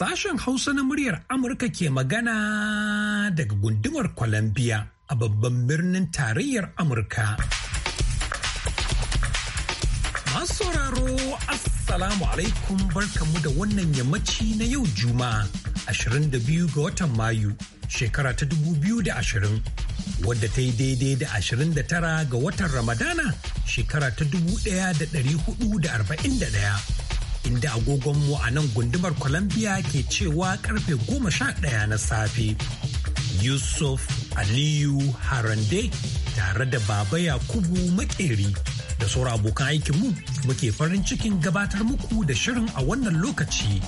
Sashen Hausa na muryar Amurka ke magana daga gundumar Columbia a babban birnin tarayyar Amurka. Masu sauraro Assalamu alaikum barkamu da wannan yammaci na yau Juma'a 22 ga watan Mayu shekara ta 2020 wadda ta yi daidai da 29 ga watan Ramadana shekara ta 1441. inda agogonmu a nan gundumar Columbia ke cewa karfe goma sha ɗaya na safe. Yusuf Aliyu Harande tare da Baba Yakubu Makeri da sauran abokan aikinmu muke farin cikin gabatar muku da shirin a wannan lokaci.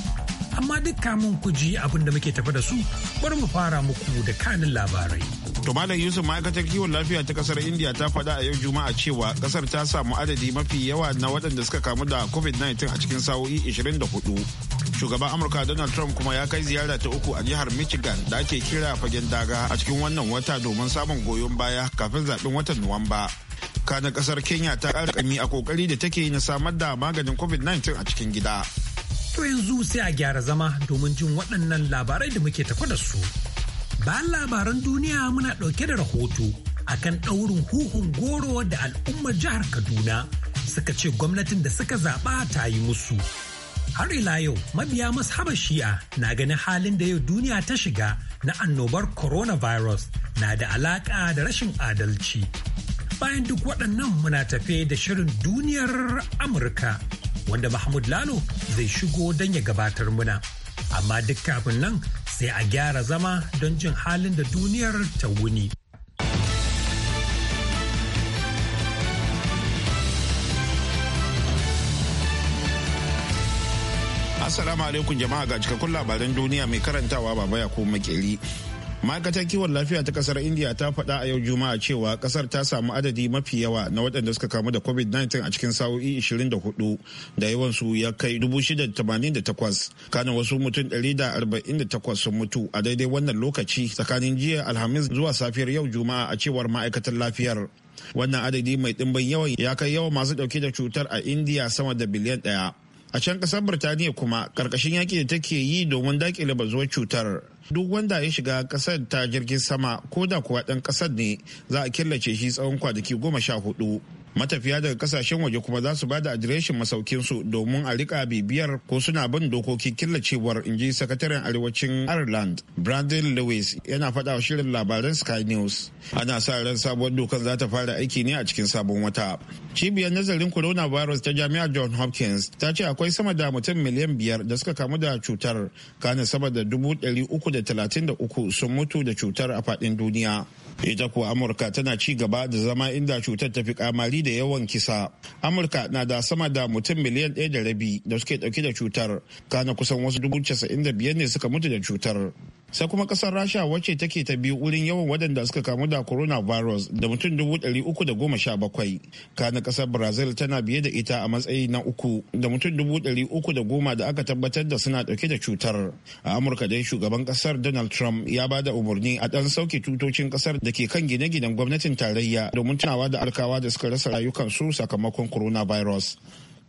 Amma duk kamun ku abinda muke tafa da su bari mu fara muku da kanin labarai. To Malam Yusuf ma'aikatar kiwon lafiya ta kasar India ta faɗa a yau Juma'a cewa kasar ta samu adadi mafi yawa na waɗanda suka kamu da COVID-19 a cikin sa'o'i 24. Shugaban Amurka Donald Trump kuma ya kai ziyara ta uku a jihar Michigan da ake kira fagen daga a cikin wannan wata domin samun goyon baya kafin zaɓen watan Nuwamba. Kana kasar Kenya ta ƙara kami a ƙoƙari da take na samar da maganin COVID-19 a cikin gida. To yanzu sai a gyara zama domin jin waɗannan labarai da muke tafa da su. Bayan labaran duniya muna ɗauke da rahoto akan ɗaurin huhun goro da al'ummar jihar Kaduna suka ce gwamnatin da suka zaɓa ta yi musu. Har ila yau mabiya haba shi'a na ganin halin da yau duniya ta shiga na annobar coronavirus na da alaƙa da rashin adalci. Bayan duk waɗannan muna tafe da shirin duniyar Amurka wanda Mahmud Lalo zai shigo don ya gabatar muna. Amma duk kafin nan sai a gyara zama don jin halin da duniyar ta wuni. Assalamu alaikum jama'a ga cikakkun labaran duniya mai karantawa baba ya Maƙeri. makeli. ma'aikatar kiwon lafiya ta kasar india ta faɗa a yau juma'a cewa kasar ta samu adadi mafi yawa na waɗanda suka kamu da covid-19 a cikin sa'o'i 24 da su ya kai 688 kana wasu mutum 148 sun mutu a daidai wannan lokaci tsakanin jiya alhamis zuwa safiyar yau juma'a a cewar ma'aikatar lafiyar wannan adadi mai ɗimbin yawan ya kai yawa masu ɗauke da cutar a india sama da biliyan ɗaya a can kasar birtaniya kuma karkashin yaki da take yi domin dakile bazuwar cutar duk wanda ya shiga kasar ta jirgin sama ko da kuwa ɗan kasar ne za a killace shi tsawon kwanaki goma sha hudu matafiya daga kasashen waje kuma za su da adireshin masaukinsu domin a rika bibiyar ko suna bin dokokin killacewar ji sakataren arewacin ireland brandon lewis yana faɗa wa shirin labaran sky news ana sa ran sabuwar dokar za ta fara aiki ne a cikin sabon wata cibiyar nazarin coronavirus ta jami'ar john hopkins ta ce akwai sama da mutum miliyan biyar da suka kamu da cutar kana sama da dubu ɗari uku da talatin da uku sun mutu da cutar a faɗin duniya ita kuwa amurka tana ci gaba da zama inda cutar ta fi kamari da yawan kisa amurka na da sama da mutum miliyan ɗaya da rabi da suke ɗauke da cutar kana kusan wasu dubu casa'in da biyar ne suka mutu da cutar sai kuma kasar rasha wacce take ta biyu wurin yawan waɗanda suka kamu da coronavirus da mutum dubu ɗari uku da goma sha bakwai kana kasar brazil tana biye da ita a matsayi na uku da mutum dubu ɗari uku da goma da aka tabbatar da suna ɗauke da cutar a amurka dai shugaban kasar donald trump ya ba da umarni a ɗan sauke tutocin kasar da ke kan gine-ginen gwamnatin tarayya domin tunawa da alkawa da suka rasa rayukansu sakamakon coronavirus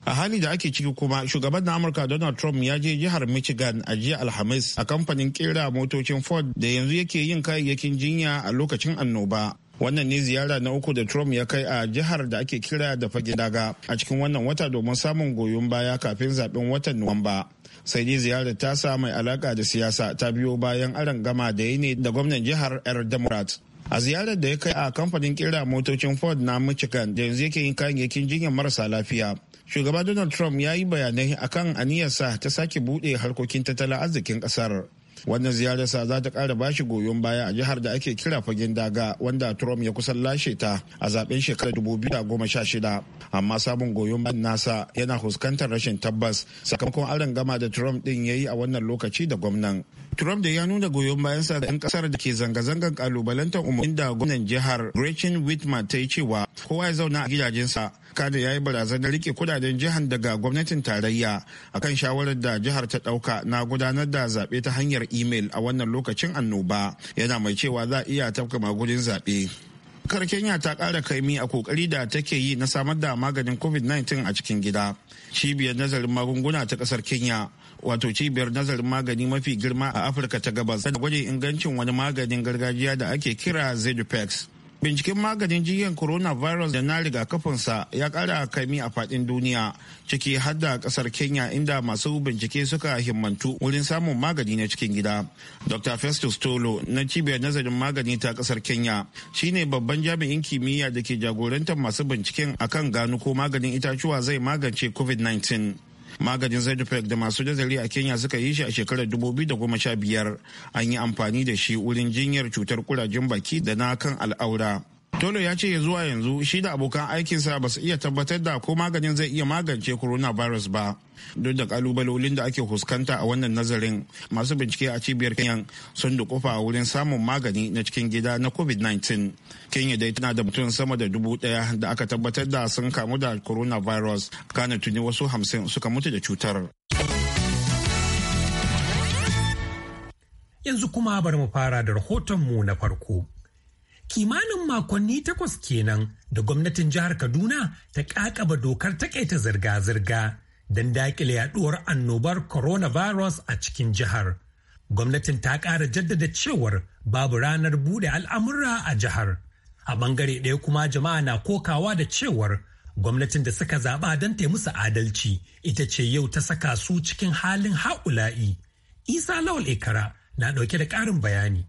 a hali da ake ciki kuma shugaban na amurka donald trump ya je jihar michigan a jiya alhamis a kamfanin kera motocin ford da yanzu yake yin kayayyakin jinya a lokacin annoba wannan ne ziyara na uku da trump ya kai a jihar da ake kira da fage daga a cikin wannan wata domin samun goyon baya kafin zaben watan nuwamba sai dai ziyarar ta sa mai alaka da siyasa ta biyo bayan aron gama da ya ne da gwamnan jihar yar democrat a ziyarar da ya kai a kamfanin kera motocin ford na michigan da yanzu yake yin kayayyakin jinyar marasa lafiya shugaba donald trump ya yi bayanai akan aniyarsa ta sake buɗe harkokin tattalin arzikin ƙasar wannan ziyararsa za ta ƙara bashi goyon baya a jihar da ake kira fagen daga wanda trump ya kusan lashe ta a zaben shekarar goma sha shida, amma sabon goyon bayan nasa yana fuskantar rashin tabbas sakamakon aron gama da trump din ya yi a wannan lokaci da gwamnan trump da ya nuna goyon bayansa da 'yan kasar da ke zanga-zangar kalubalantar umarnin da gwamnan jihar gretchen whitmer ta yi cewa kowa ya zauna a gidajensa kada ya yi barazanar rike kudaden jihar daga gwamnatin tarayya a kan shawarar da jihar ta dauka na gudanar da zaɓe ta hanyar imel a wannan lokacin annoba yana mai cewa za a iya tafka magudin zaɓe kar kenya ta kara kaimi a kokari da take yi na samar da maganin covid-19 a cikin gida cibiyar nazarin magunguna ta kasar kenya wato cibiyar nazarin magani mafi girma a afirka ta gabas da gwajin ingancin wani maganin gargajiya da ake kira zedupex Binciken maganin jiyan coronavirus da na rigakafinsa ya kara kaimi a fadin duniya ciki har da kasar Kenya inda masu bincike suka himmantu wurin samun magani na cikin gida. Dr. Festus Tolo na cibiyar nazarin magani ta kasar Kenya shine babban jami'in kimiyya da ke jagorantar masu binciken akan gano ko maganin itacuwa zai magance COVID-19. maganin zydopec da masu nazari a kenya suka yi shi a shekarar 2015 an yi amfani da shi wurin jinyar cutar kurajen baki da na kan al'aura Tolo ya ce zuwa yanzu shi da abokan aikinsa ba su iya tabbatar da ko maganin zai iya magance coronavirus ba. Duk da kalubalolin da ake fuskanta a wannan nazarin masu bincike a cibiyar Kenya sun dukufa wurin samun magani na cikin gida na COVID-19. Kenya dai tana da mutum sama da dubu daya da aka tabbatar da sun kamu da coronavirus kana tuni wasu hamsin suka mutu da cutar. Yanzu kuma bari mu fara da rahotonmu na farko. kimanin makonni takwas kenan da gwamnatin jihar Kaduna ta kakaba dokar takaita zirga-zirga don dakile yaduwar annobar coronavirus a cikin jihar. Gwamnatin ta ƙara jaddada cewar babu ranar bude al'amura a jihar. A bangare ɗaya kuma jama'a na kokawa da cewar gwamnatin da suka zaɓa don ta musu adalci ita ce yau ta saka su cikin halin ha'ula'i. Isa Lawal Ikara na ɗauke da ƙarin bayani.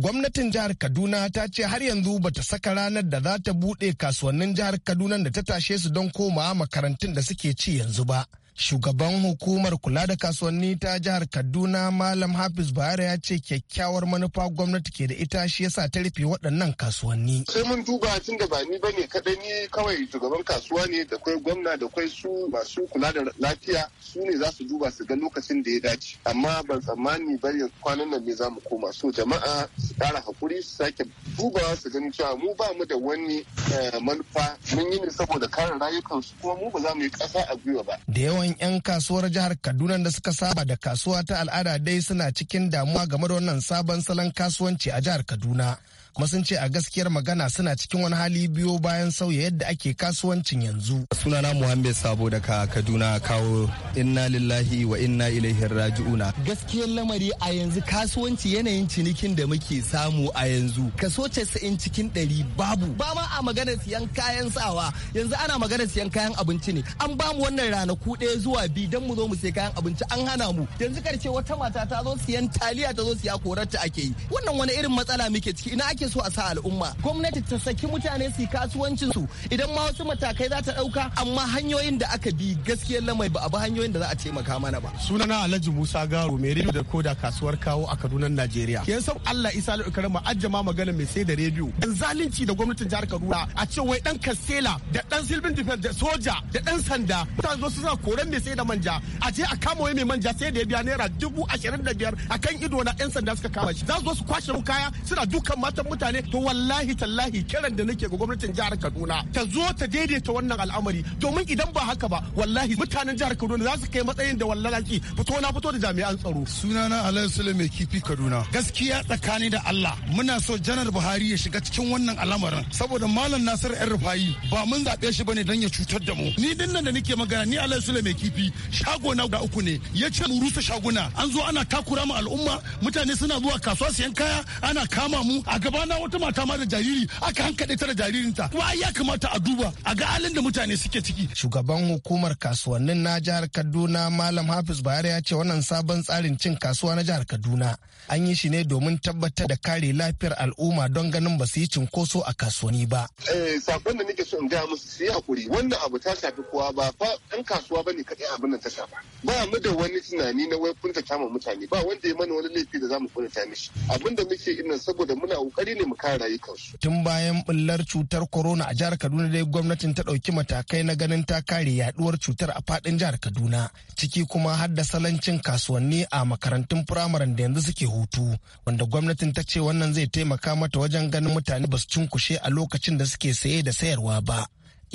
gwamnatin jihar kaduna ta ce har yanzu bata saka ranar da za ta buɗe kasuwannin jihar kaduna da ta tashe su don komawa makarantun da suke ci yanzu ba Shugaban hukumar kula da kasuwanni ta jihar Kaduna Malam Hafiz Bahari ya ce kyakkyawar manufa gwamnati ke da ita shi yasa ta rufe waɗannan kasuwanni. Sai mun duba tun da ba ni ba ne ni kawai shugaban kasuwa ne da kwai gwamna da kwai su masu kula da lafiya su ne za su duba su ga lokacin da ya dace. Amma ban tsammani ba kwanan nan ne za mu koma so jama'a su ƙara hakuri su sake dubawa su gani cewa mu ba mu da wani eh, manufa mun yi ne saboda kare rayukansu kuma mu ba za mu yi ƙasa a gwiwa ba. Da yawan sauran 'yan kasuwar jihar kaduna da suka saba da kasuwa ta al'ada dai suna cikin damuwa game da wannan sabon salon kasuwanci a jihar kaduna kuma sun ce a gaskiyar magana suna cikin wani hali biyo bayan sauya yadda ake kasuwancin yanzu. Sunana Muhammed Sabo daga Kaduna kawo inna lillahi wa inna ilaihi raji'una. Gaskiyar lamari a yanzu kasuwanci yanayin cinikin da muke samu a yanzu kaso casa'in cikin ɗari babu ba ma a magana siyan kayan sawa yanzu ana magana siyan kayan abinci ne an ba mu wannan ranaku ɗaya zuwa biyu don mu zo mu sai kayan abinci an hana mu yanzu karshe wata mata ta zo siyan taliya ta zo siya korarta ake yi wannan wani irin matsala muke ciki ina ake su a sa al'umma gwamnati ta saki mutane su kasuwancin su idan ma wasu matakai za ta dauka amma hanyoyin da aka bi gaskiyar lamai ba a bi hanyoyin da za a taimaka mana ba sunana Alhaji Musa Garo mai rediyo da koda kasuwar kawo a Kaduna Najeriya yan san Allah Isa Al-Karama ajjama magana mai sai da rediyo dan zalunci da gwamnatin jihar Kaduna a ce wai dan Kastela da dan Silvin Defense da soja da dan sanda ta zo su sa koran mai sai da manja a je a kama wai mai manja sai da ya biya naira dubu ashirin da biyar a kan ido na yan sanda suka kama shi za su zo su kwashe mu kaya suna dukan matan mutane to wallahi tallahi kiran da nake ga gwamnatin jihar Kaduna ta zo ta daidaita wannan al'amari domin idan ba haka ba wallahi mutanen jihar Kaduna za su kai matsayin da wallahi fito na fito da jami'an tsaro Suna sunana Alhaji Sule kifi Kaduna gaskiya tsakani da Allah muna so janar Buhari ya shiga cikin wannan al'amarin saboda malam Nasir yan Rufayi ba mun zabe shi bane dan ya cutar da mu ni dinnan da nake magana ni Alhaji Sule kifi shago na da uku ne Ya ce mu rusa shaguna an zo ana takura mu al'umma mutane suna zuwa kasuwa siyan kaya ana kama mu a gaba kwana wata mata ma da jariri aka hankaɗe ta da jaririnta kuma ya kamata a duba a ga halin da mutane suke ciki shugaban hukumar kasuwannin na jihar kaduna malam hafiz bayar ya ce wannan sabon tsarin cin kasuwa na jihar kaduna an yi shi ne domin tabbatar da kare lafiyar al'umma don ganin ba su yi cinkoso a kasuwanni ba eh, sakon da nake so in gaya musu su yi hakuri wannan abu ta shafi kowa ba fa ɗan kasuwa ba ne kaɗai abin da ta shafa ba mu da wani tunani na wai kunta kama mutane ba wanda ya mana wani laifi da zamu mu kunta mishi abin da muke ina saboda muna ƙoƙari mu kare rayukansu. Tun bayan bullar cutar corona a jihar Kaduna dai gwamnatin ta ɗauki matakai na ganin ta kare yaduwar cutar a faɗin jihar Kaduna ciki kuma har da salancin kasuwanni a makarantun firamaren da yanzu suke hutu wanda gwamnatin ta ce wannan zai taimaka mata wajen ganin mutane ba su cunkushe a lokacin da suke saye da sayarwa ba.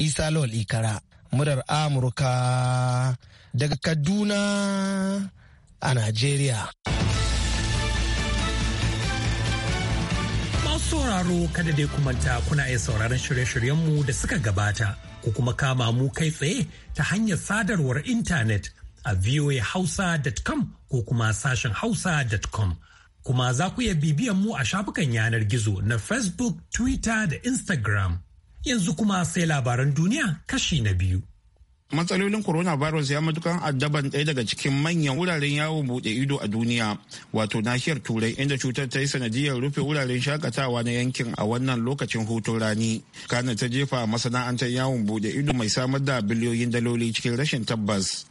Isa Lawal Ikara, murar Amurka daga Kaduna a Najeriya. sauraro kada dai kumanta kuna iya sauraron shirye-shiryenmu da suka gabata ko kuma kama mu kai tsaye ta hanyar sadarwar intanet a voahausa.com ko kuma sashen hausa.com. Kuma za ku iya bibiyan mu a shafukan yanar gizo na Facebook, Twitter da Instagram. Yanzu kuma sai labaran duniya kashi na biyu. matsalolin coronavirus ya matukan addaban ɗaya daga cikin manyan wuraren yawon buɗe ido a duniya wato nahiyar turai inda cutar ta yi sanadiyar rufe wuraren shakatawa na yankin a wannan lokacin hutun rani kana ta jefa masana'antar yawon buɗe ido mai samar da biliyoyin daloli cikin rashin tabbas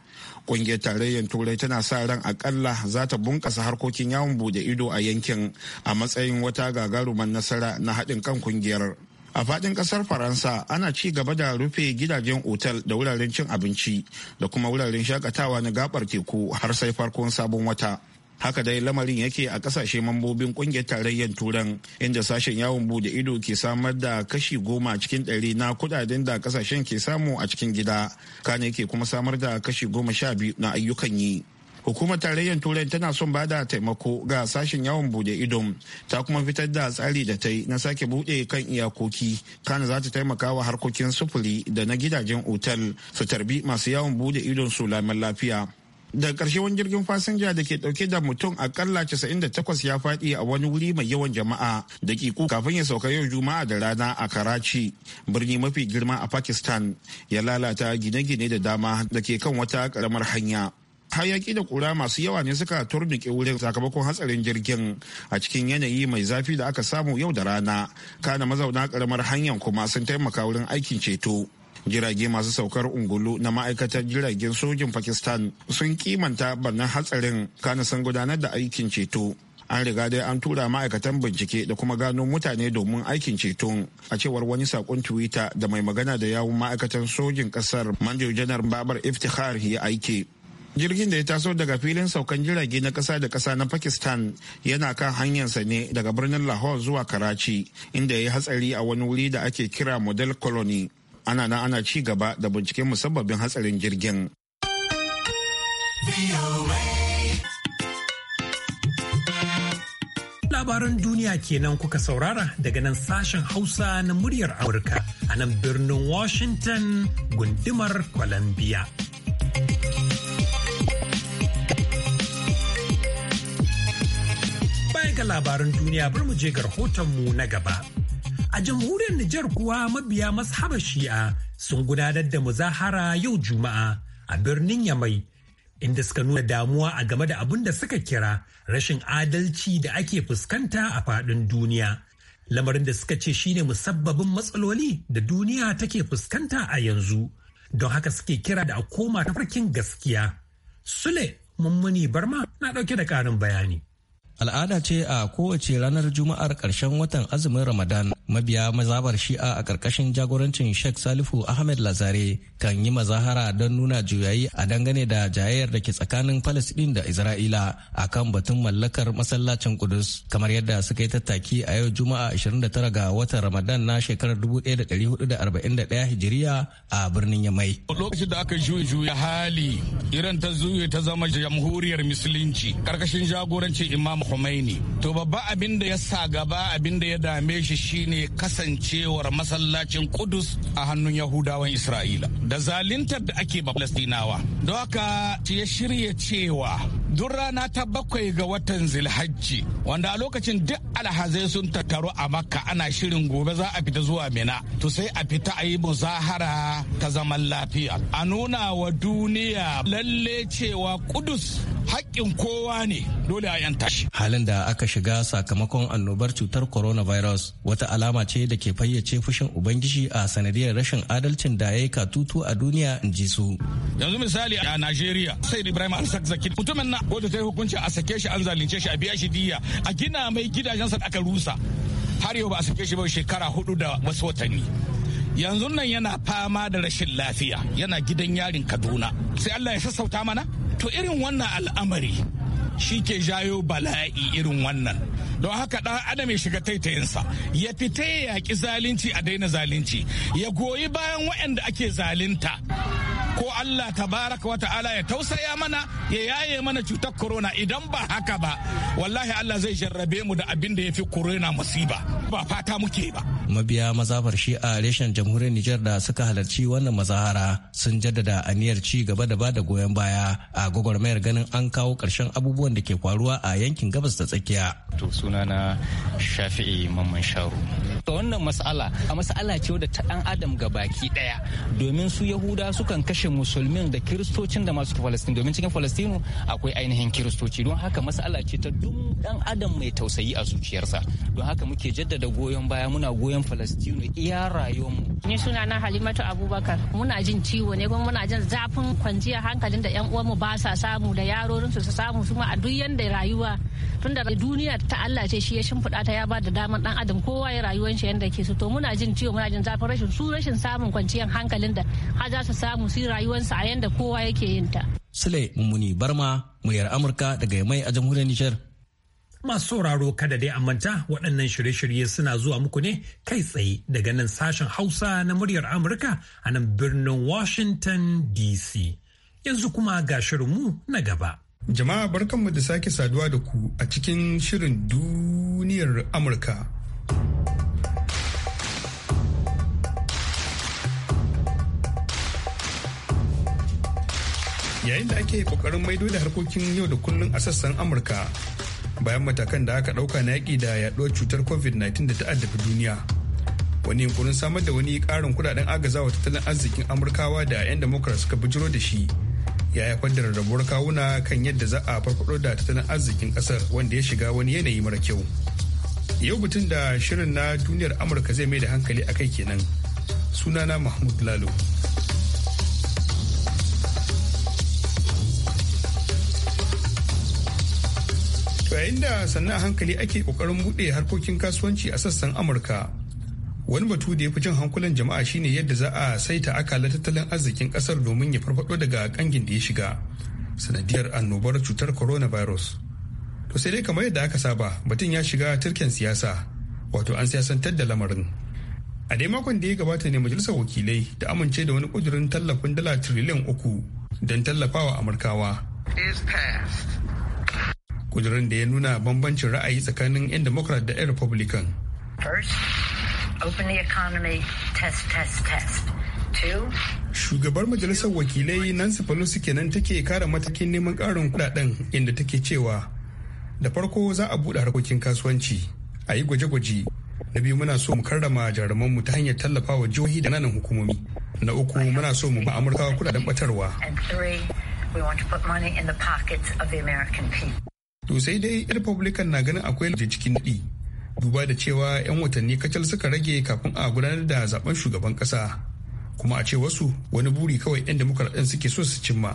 kungiyar tarayyar turai tana sa ran akalla za ta bunkasa harkokin yawon buɗe ido a yankin a matsayin wata gagaruman nasara na haɗin kan kungiyar a fadin kasar faransa ana ci gaba da rufe gidajen otal da wuraren cin abinci da kuma wuraren shakatawa na gabar teku har sai farkon sabon wata haka dai lamarin yake a kasashe mambobin kungiyar tarayyar turan inda sashen yawon bude ido ke samar da kashi goma cikin ɗari na kudaden da kasashen ke samu a cikin gida kane ke kuma samar da kashi goma sha biyu na ayyukan yi hukumar tarayyar turai tana son ba da taimako ga sashen yawon bude ido ta kuma fitar da tsari da ta yi na sake bude kan iyakoki kana za ta taimaka wa harkokin sufuri da na gidajen otal su tarbi masu yawon bude idon su laman lafiya daga ƙarshe wani jirgin fasinja da ke ɗauke da mutum akalla 98 ya faɗi a wani wuri mai yawan jama'a da kiku kafin ya sauka yau juma'a da rana a karachi birni mafi girma a pakistan ya lalata gine-gine da dama da ke kan wata ƙaramar hanya hayaki da kura masu yawa ne suka turnike wurin sakamakon hatsarin jirgin a cikin yanayi mai zafi da aka samu yau da rana kana mazauna karamar hanyar kuma sun taimaka wurin aikin ceto jirage masu saukar ungulu na ma'aikatar jiragen sojin pakistan sun kimanta barnan hatsarin kana sun gudanar da aikin ceto an riga dai an tura ma'aikatan bincike da kuma gano mutane domin aikin ceton a cewar wani sakon twitter da mai magana da yawun ma'aikatan sojin kasar manjo janar babar iftihar ya aike jirgin da ya taso daga filin saukan jirage na kasa da kasa na pakistan yana kan hanyarsa ne daga birnin lahore zuwa karachi inda ya yi hatsari a wani wuri da ake kira model colony ana na ana ci gaba da binciken musabbabin hatsarin jirgin labaran duniya kenan kuka saurara daga nan sashen hausa na muryar amurka a nan birnin washington gundumar columbia labaran duniya bar mu je ga rahotonmu na gaba. A jamhuriyar Nijar kuwa mabiya mashabar shi'a sun gudanar da muzahara yau Juma'a a birnin Yamai inda suka nuna damuwa a game da abin da suka kira rashin adalci da ake fuskanta a faɗin duniya. Lamarin da suka ce shine musabbabin matsaloli da duniya take fuskanta a yanzu. Don haka suke kira da a koma tafarkin gaskiya. Sule Mummuni Barma na ɗauke da ƙarin bayani. al'ada ce a kowace ranar juma'ar karshen watan azumin ramadan mabiya mazabar shi'a a karkashin jagorancin sheikh salifu ahmed lazare kan yi mazahara don nuna juyayi a dangane da jayayyar da ke tsakanin palestine da isra'ila a kan batun mallakar masallacin kudus kamar yadda suka yi tattaki a yau juma'a 29 ga watan ramadan na shekarar 1441 hijiriya a birnin yamai lokacin da aka juya juya hali irin ta zuye ta zama jamhuriyar musulunci karkashin jagorancin imam khomeini to babba abin da ya sa gaba abin da ya dame shi shine ne kasancewar masallacin Kudus a hannun Yahudawan Isra'ila da zalintar da ake ba palestinawa. Don haka ya shirya cewa duk rana ta bakwai ga watan zilhajji wanda a lokacin duk alhazai sun tattaru a makka ana shirin gobe za a fita zuwa mina to sai a fita a yi muzahara ta zaman lafiya a nuna wa duniya lalle cewa kudus haƙƙin kowa ne dole a yanta shi. Halin da aka shiga sakamakon annobar cutar coronavirus wata alama ce da ke fayyace fushin Ubangiji a sanadiyar rashin adalcin da ya yi katutu a duniya in ji su. Yanzu misali a Najeriya sai Ibrahim Al-Sakzaki mutumin na wanda ta yi hukunci a sake shi an zalunce shi a biya shi diya a gina mai gidajensa da aka rusa har yau ba a sake shi ba shekara hudu da wasu watanni. yanzu nan yana fama da rashin lafiya yana gidan yarin kaduna sai allah ya sassauta mana to irin wannan al'amari shi ke jayo bala'i irin wannan don haka ɗan adam ya shiga taitayinsa ya fita ya yaƙi zalunci a daina zalunci ya goyi bayan waɗanda ake zalunta ko Allah tabaraka wa ta'ala ya tausaya mana ya yaye mana cutar corona idan ba haka ba wallahi Allah zai jarrabe mu da abin da ya fi corona musiba ba fata muke ba mabiya mazafar shi a reshen jamhuriyar Nijar da suka halarci wannan mazahara sun jaddada aniyar ci gaba da bada goyon baya a gwagwarmayar ganin an kawo karshen abubuwan da ke faruwa a yankin gabas da tsakiya to sunana Shafi'i Mamman Sharu ta wannan mas'ala a mas'ala ce wadda ta dan adam ga baki daya domin su yahuda sukan kashe musulmin da kiristocin da masu falastin domin cikin falastinu akwai ainihin kiristoci don haka mas'ala ce ta duk dan adam mai tausayi a zuciyarsa don haka muke jaddada goyon baya muna goyon falastinu iya rayuwarmu ni suna na halimatu abubakar muna jin ciwo ne kuma muna jin zafin kwanciyar hankalin da yan uwanmu ba sa samu da yarorinsu su samu su ma a duk yanda rayuwa tunda duniya ta Allah ce shi ya shimfiɗa ta ya ba da damar dan adam kowa ya rayuwa rayuwar shi yadda ke su to muna jin ciwo muna jin zafin rashin su rashin samun kwanciyar hankalin da har za su samu su rayuwarsu a yadda kowa yake yin ta. Sule Mummuni Barma muryar Amurka daga mai a jamhuriyar Nijar. Masu sauraro kada dai manta waɗannan shirye-shirye suna zuwa muku ne kai tsaye daga nan sashen Hausa na muryar Amurka a nan birnin Washington DC. Yanzu kuma ga shirinmu na gaba. Jama'a barkanmu da sake saduwa da ku a cikin shirin duniyar Amurka. yayin da ake kokarin maido da harkokin yau da kullun a sassan amurka bayan matakan da aka dauka na yaƙi da yaduwar cutar covid-19 da ta addabi duniya wani yunkurin samar da wani ƙarin kudaden agazawa tattalin arzikin amurkawa da 'yan demokrat suka bijiro da shi ya haifar da rarrabuwar kawuna kan yadda za a farfado da tattalin arzikin ƙasar wanda ya shiga wani yanayi mara kyau yau butun da shirin na duniyar amurka zai mai da hankali a kai kenan sunana mahmud lalo yayin da sannan hankali ake kokarin buɗe harkokin kasuwanci a sassan amurka wani batu da ya fi jin hankulan jama'a shine yadda za a saita akala tattalin arzikin kasar domin ya farfado daga kangin da ya shiga sanadiyar annobar cutar coronavirus to sai dai kamar yadda aka saba batun ya shiga turken siyasa wato an siyasantar da lamarin a dai makon da ya gabata ne majalisar wakilai ta amince da wani kudirin tallafin dala tiriliyan uku don tallafawa amurkawa kudurin da ya nuna bambancin ra'ayi tsakanin 'yan democrat da 'yan republican shugabar majalisar wakilai nancy pelosi kenan take kara matakin neman karin kudaden inda take cewa da farko za a buɗe harkokin kasuwanci a yi gwaje-gwaje na biyu muna so mu karrama jarumanmu ta hanyar tallafa wa jihohi da nanan hukumomi na uku muna so mu ba amurkawa kudaden batarwa To sai dai Republican na ganin akwai laje cikin daɗi. Duba da cewa 'yan watanni kacal suka rage kafin a gudanar da zaben shugaban ƙasa. Kuma a ce wasu wani buri kawai 'yan Democrat ɗin suke so su cimma.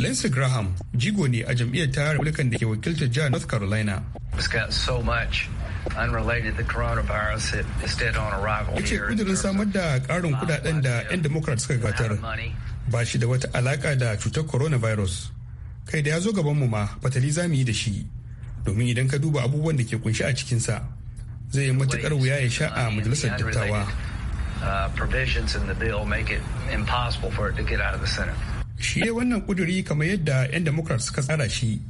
Lindsey Graham jigo ne a jam'iyyar ta Republican da ke wakiltar jihar North Carolina. Yace kudirin samar da ƙarin kudaden da 'yan Democrat suka gatar ba shi da wata alaka da cutar coronavirus. kai da ya zo gabanmu ma fatali za mu yi da shi domin idan ka duba abubuwan da ke kunshi a cikinsa zai yi matukar wuya ya sha a majalisar dattawa uh, shi ne wannan kuduri kamar yadda 'yan democrats suka tsara shi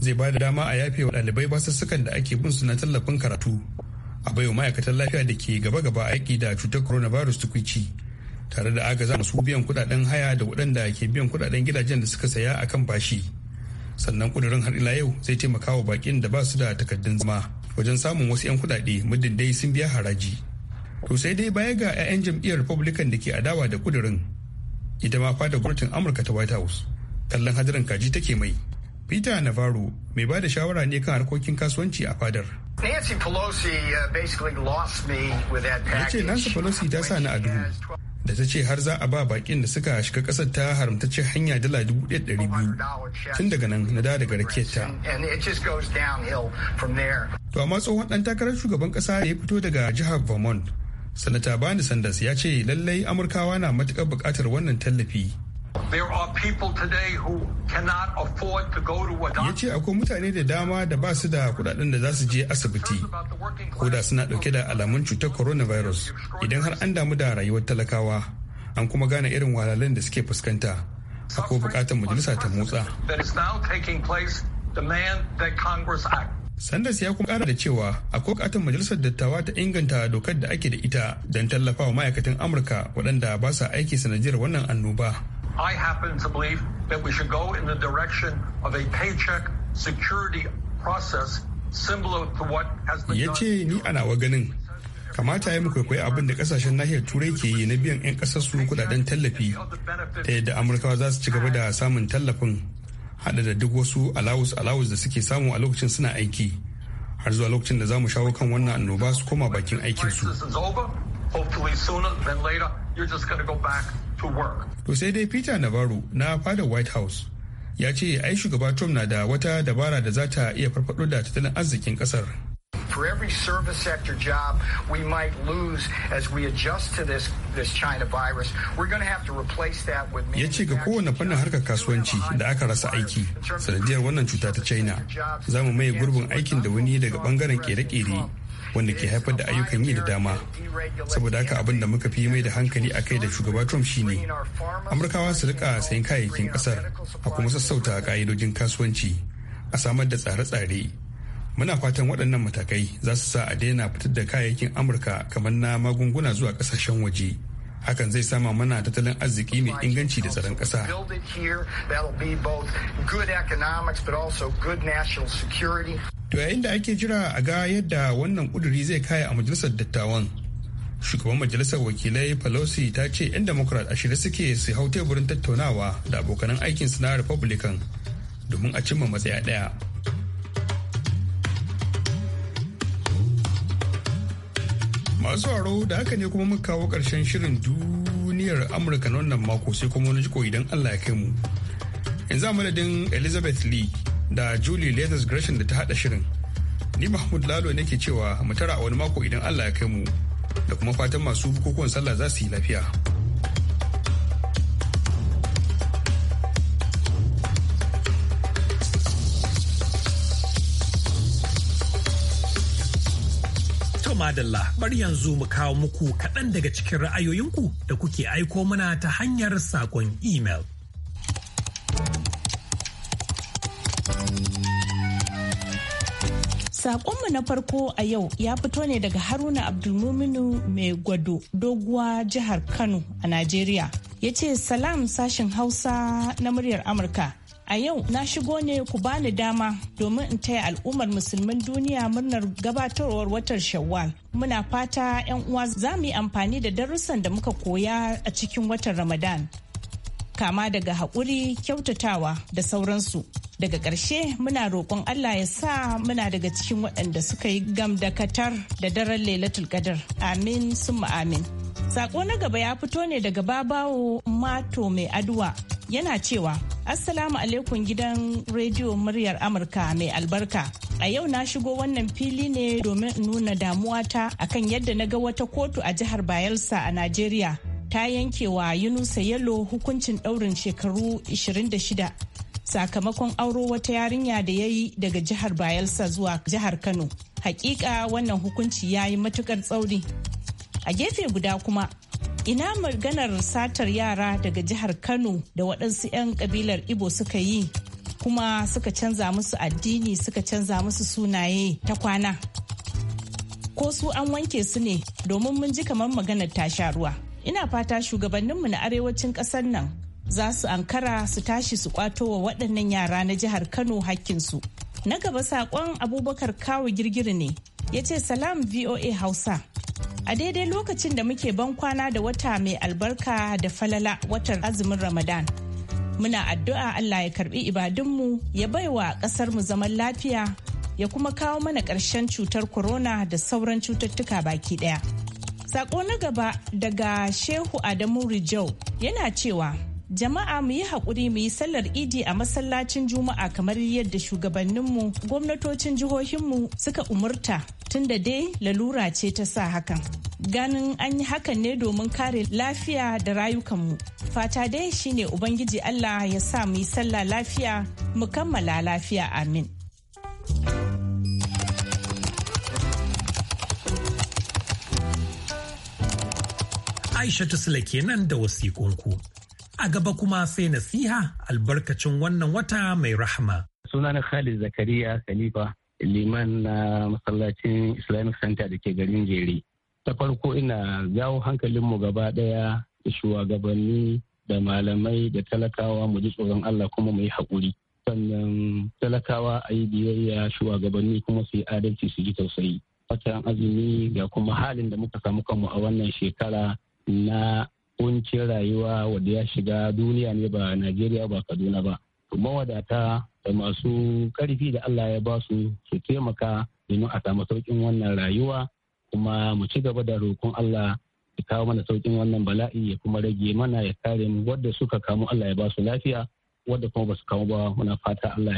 zai ba da dama a yafe wa ɗalibai basussukan da ake bin su na tallafin karatu a baiwa ma'aikatan lafiya da ke gaba-gaba aiki da cutar coronavirus tukwici tare da agaza masu biyan kudaden haya da waɗanda ke biyan kudaden gidajen da suka saya akan bashi. sannan kudurin har ila yau zai taimaka wa bakin da ba su da takaddun zama wajen samun wasu 'yan kudade muddin dai sun biya haraji to sai dai baya ga 'ya'yan jam'iyyar republican da ke adawa da kudurin ita ma fada gwamnatin amurka ta white house kallon hadirin kaji take mai peter navarro mai ba da shawara ne kan harkokin kasuwanci a fadar Nancy Pelosi uh, basically lost me with that package. Nancy Pelosi ta sa ni a duhu da ta ce har za a ba bakin da suka shiga kasar ta haramtacce hanya dala dubu ɗari biyu tun daga nan na da daga raketa. To amma tsohon ɗan takarar shugaban ƙasa da ya fito daga jihar Vermont, Sanata bani Sanders ya ce lallai Amurkawa na matuƙar buƙatar wannan tallafi. Ya ce akwai mutane da dama da ba su da kudaden da za su je asibiti ko da suna dauke da alamun cutar coronavirus idan har an damu da rayuwar talakawa an kuma gane irin walalen da suke fuskanta akwai bukatar majalisa ta motsa. Sanders ya kuma kara da cewa akwai bukatar majalisar dattawa ta inganta dokar da ake da ita don tallafawa ma'aikatan Amurka waɗanda ba sa aiki sanadiyar wannan annoba. I happen to believe that we should go in the direction of a paycheck security process similar to what has been ya ce ni ana wa ganin kamata ya kwaikwai abin da kasashen nahiyar turai ke yi na biyan 'yan kasar su kudaden tallafi ta yadda amurkawa za su ci gaba da samun tallafin hada da duk wasu alawus alawus da suke samu a lokacin suna aiki har zuwa lokacin da za mu shawo kan wannan annoba su koma bakin aikinsu. to work. To sai dai Peter Navarro na fadar White House ya ce ai shugaba Trump na da wata dabara da za ta iya farfado da tattalin arzikin kasar. For every service sector job we might lose as we adjust to this this China virus, we're going to have to replace that with Ya ce ga kowane fannin harkar kasuwanci da aka rasa aiki sanadiyar wannan cuta ta China, za mu maye gurbin aikin da wani daga bangaren kere-kere wanda ke haifar da ayyukan yi da dama saboda haka abin da muka fi mai da hankali a kai da shugaba trump shine amurkawa su rika sayan kayayyakin kasar a kuma sassauta ka'idojin kasuwanci a samar da tsare-tsare muna fatan waɗannan matakai za su sa a daina fitar da kayayyakin amurka kamar na magunguna zuwa ƙasashen waje hakan zai sama mana tattalin arziki mai inganci da tsaron ƙasa. To yayin da ake jira a ga yadda wannan kuduri zai kaya a majalisar dattawan. Shugaban majalisar wakilai Pelosi ta ce 'yan Democrat a suke su hau teburin tattaunawa da abokanan su na Republican domin a cimma matsaya ɗaya. Masu aro da haka ne kuma muka kawo ƙarshen shirin duniyar Amurka na wannan mako sai kuma wani jiko idan Allah ya kai mu. Yanzu a madadin Elizabeth Lee da Julie Leathers Gresham da ta haɗa shirin. Ni Mahmud Lalo nake cewa mu tara a wani mako idan Allah ya kai mu da kuma fatan masu bukukuwan sallah za su yi lafiya. madalla bari yanzu mu kawo muku kaɗan daga cikin ra'ayoyinku da kuke aiko mana ta hanyar saƙon email Sakonmu na farko a yau ya fito ne daga Haruna Abdulmuminu mai gwado doguwa jihar Kano a Najeriya. Ya ce salam sashen Hausa na muryar Amurka. A yau na shigo ne ku bani dama domin in taya al'ummar musulmin duniya murnar gabatarwar watan Shawwal. Muna fata 'yan uwa za mu yi amfani da darussan da muka koya a cikin watan Ramadan. Kama daga haƙuri, kyautatawa da sauransu. daga ƙarshe muna roƙon Allah ya sa muna daga cikin waɗanda suka yi gamdakatar da daren lailatul qadar amin summa amin sako na gaba ya fito ne daga babawo mato mai aduwa yana cewa assalamu alaikum gidan rediyo muryar amurka mai albarka a yau na shigo wannan fili ne domin in nuna damuwata akan yadda na ga wata kotu a jihar bayelsa a najeriya ta yankewa yunusa yalo hukuncin ɗaurin shekaru 26 sakamakon auro wata yarinya da ya yi daga jihar Bayelsa zuwa jihar Kano. Hakika wannan hukunci ya yi matukar tsauri. A gefe guda kuma, ina maganar satar yara daga jihar Kano da waɗansu 'yan ƙabilar Ibo suka yi kuma suka canza musu addini suka canza musu sunaye ta kwana. Ko su an wanke su ne domin mun ji kamar maganar ta ruwa. Ina fata shugabanninmu na arewacin ƙasar nan za su ankara su tashi su kwato wa waɗannan yara na jihar kano hakkinsu na gaba saƙon abubakar kawo girgiri ne ya ce salam voa hausa a daidai lokacin da muke ban kwana da wata mai albarka da falala watan azumin ramadan muna addu'a allah ya karbi ibadunmu ya baiwa mu zaman lafiya ya kuma kawo mana ƙarshen cutar corona da sauran cututtuka baki ɗaya. Sako na gaba daga Shehu Adamu Rijau yana cewa jama'a mu yi haƙuri mu yi sallar idi a masallacin juma'a kamar yadda shugabanninmu gwamnatocin jihohinmu suka umurta tun da dai lalura ce ta sa hakan ganin an yi hakan ne domin kare lafiya da rayukanmu fata dai shine ubangiji allah ya sa mu yi sallah lafiya mu kammala lafiya amin Aisha ta nan da wasiƙunku. A gaba kuma sai nasiha albarkacin wannan wata mai rahama. Sunana Khalid Zakariya Khalifa liman na masallacin Islamic Center da ke garin Jere. Ta farko ina jawo hankalinmu gaba ɗaya shugabanni da malamai da talakawa mu ji tsoron Allah kuma mu yi haƙuri. Sannan talakawa a yi biyayya shugabanni kuma su yi adalci su ji tausayi. Watan azumi ga kuma halin da muka samu kanmu a wannan shekara na hukuncin rayuwa wanda ya shiga duniya ne ba najeriya ba kaduna ba mawadata da masu karfi da allah ya ba su su taimaka domin a samu sauƙin wannan rayuwa kuma mu ci gaba da roƙon allah ya kawo mana sauƙin wannan bala'i ya kuma rage mana ya kare mu wadda suka kamu allah ya ba su lafiya wadda kuma ba su kamu ba muna fata allah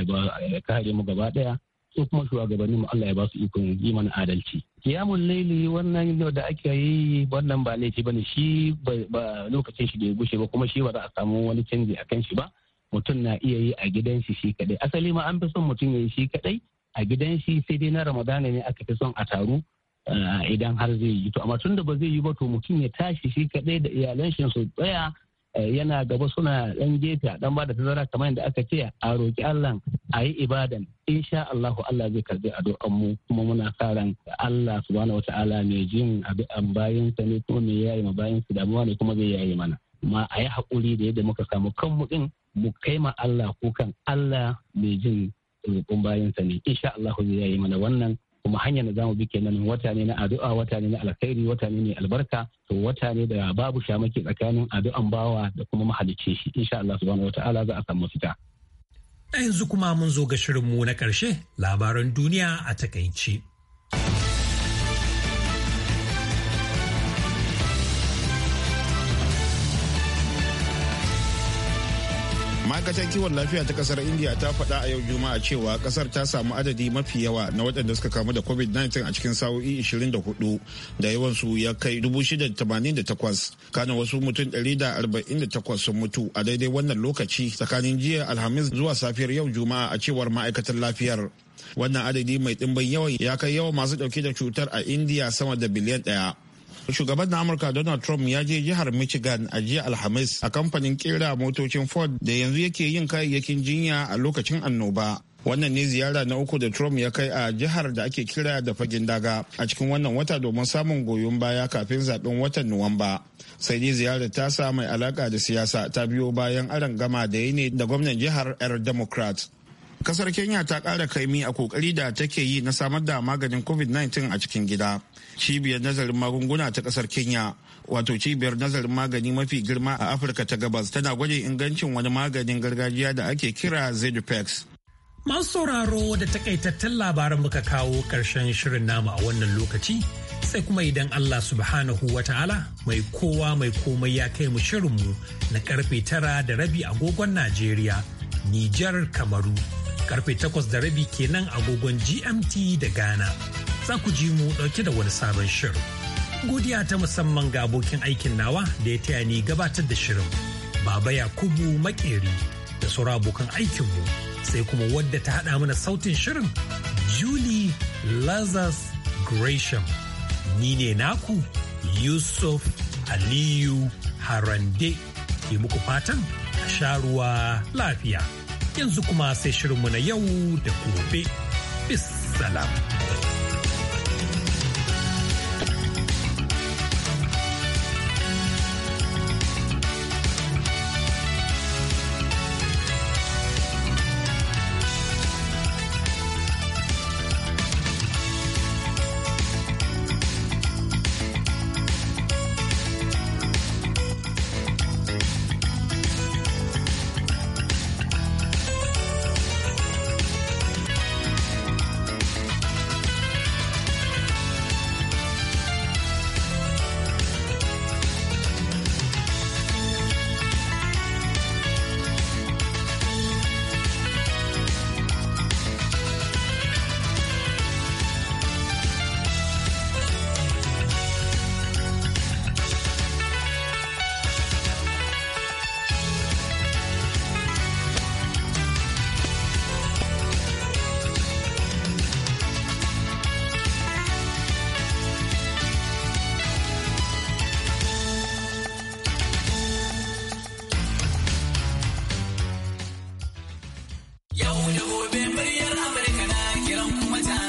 ya kare mu gaba ɗaya su kuma shugabannin mu Allah ya ba su ikon yi mana adalci kiyamun laili wannan da ake yi wannan ba laifi bane shi ba lokacin shi da ya gushe ba kuma shi ba za a samu wani canji a kan shi ba mutum na iya yi a gidan shi shi kadai asali ma an fi son mutum ya yi shi kadai a gidan shi sai dai na ramadana ne aka fi son a taru eh, idan har zai yi to amma da ba zai yi ba to mutum ya tashi shi kadai da iyalan shi su tsaya Eh, yana gaba suna ɗan gefe a ɗan ba da tazara kamar yadda aka ce a roƙi Allah a yi ibadan insha Allahu Allah zai karbi addu'an mu kuma muna karan Allah subhanahu wataala mai jin addu'an bayin sa ne kuma me yayi ma bayin su damuwa ne kuma zai yayi mana ma a yi haƙuri da yadda muka samu kanmu ɗin mu kai ma Allah kukan Allah mai jin roƙon bayin sa ne insha allahu zai yayi mana wannan kuma hanyar da za mu bi kenan wata ne na addu'a wata ne na alkhairi wata ne albarka to wata ne da babu shamaki tsakanin addu'an bawa da kuma mahalicce shi insha Allah subhanahu wataala za a samu fita yanzu kuma mun zo ga mu na ƙarshe labaran duniya a takaici. ma'aikatar kiwon lafiya ta kasar india ta faɗa a yau juma'a cewa kasar ta samu adadi mafi yawa na waɗanda suka kamu da covid-19 a cikin sa'o'i 24 da yawansu ya kai 688 kana wasu mutum 148 sun mutu a daidai wannan lokaci tsakanin jiya alhamis zuwa safiyar yau juma'a a cewar ma'aikatar lafiyar wannan adadi mai ɗimbin yawan ya kai yawa masu ɗauke da cutar a india sama da biliyan ɗaya Shugaban na Amurka Donald Trump ya je jihar Michigan a jiya Alhamis a kamfanin kera motocin Ford da yanzu yake yin kayayyakin jinya a lokacin annoba. Wannan ne ziyara na uku da Trump ya kai a jihar da ake kira da fagen daga a cikin wannan wata domin samun goyon baya kafin zaben watan Nuwamba. Sai dai ziyarar ta sa mai alaka da siyasa ta biyo bayan aron gama da ya ne da gwamnan jihar 'yar Democrat. kasar kenya ta kara kaimi a kokari da take yi na samar da maganin covid-19 a cikin gida cibiyar nazarin magunguna ta kasar kenya wato cibiyar nazarin magani mafi girma a afirka ta gabas tana gwada ingancin wani maganin gargajiya da ake kira zedupex masu sauraro da takaitattun labaran muka kawo karshen shirin namu a wannan lokaci sai kuma idan allah subhanahu wa ta'ala mai kowa mai komai ya kai mu shirinmu na karfe tara da rabi agogon najeriya nijar kamaru karfe takwas da rabi kenan agogon GMT da Ghana. Za ku ji mu ɗauke da wani sabon shirin. Godiya ta musamman ga abokin aikin nawa da ya taya ni gabatar da shirin. Baba Yakubu Makeri da sauran abokan aikinmu sai kuma wadda ta haɗa mana sautin shirin Julie Lazarus Gresham. Ni ne naku Yusuf Aliyu Harande ke muku fatan a sha ruwa lafiya. yanzu kuma sai shirinmu na yau da gobe. Bis salam.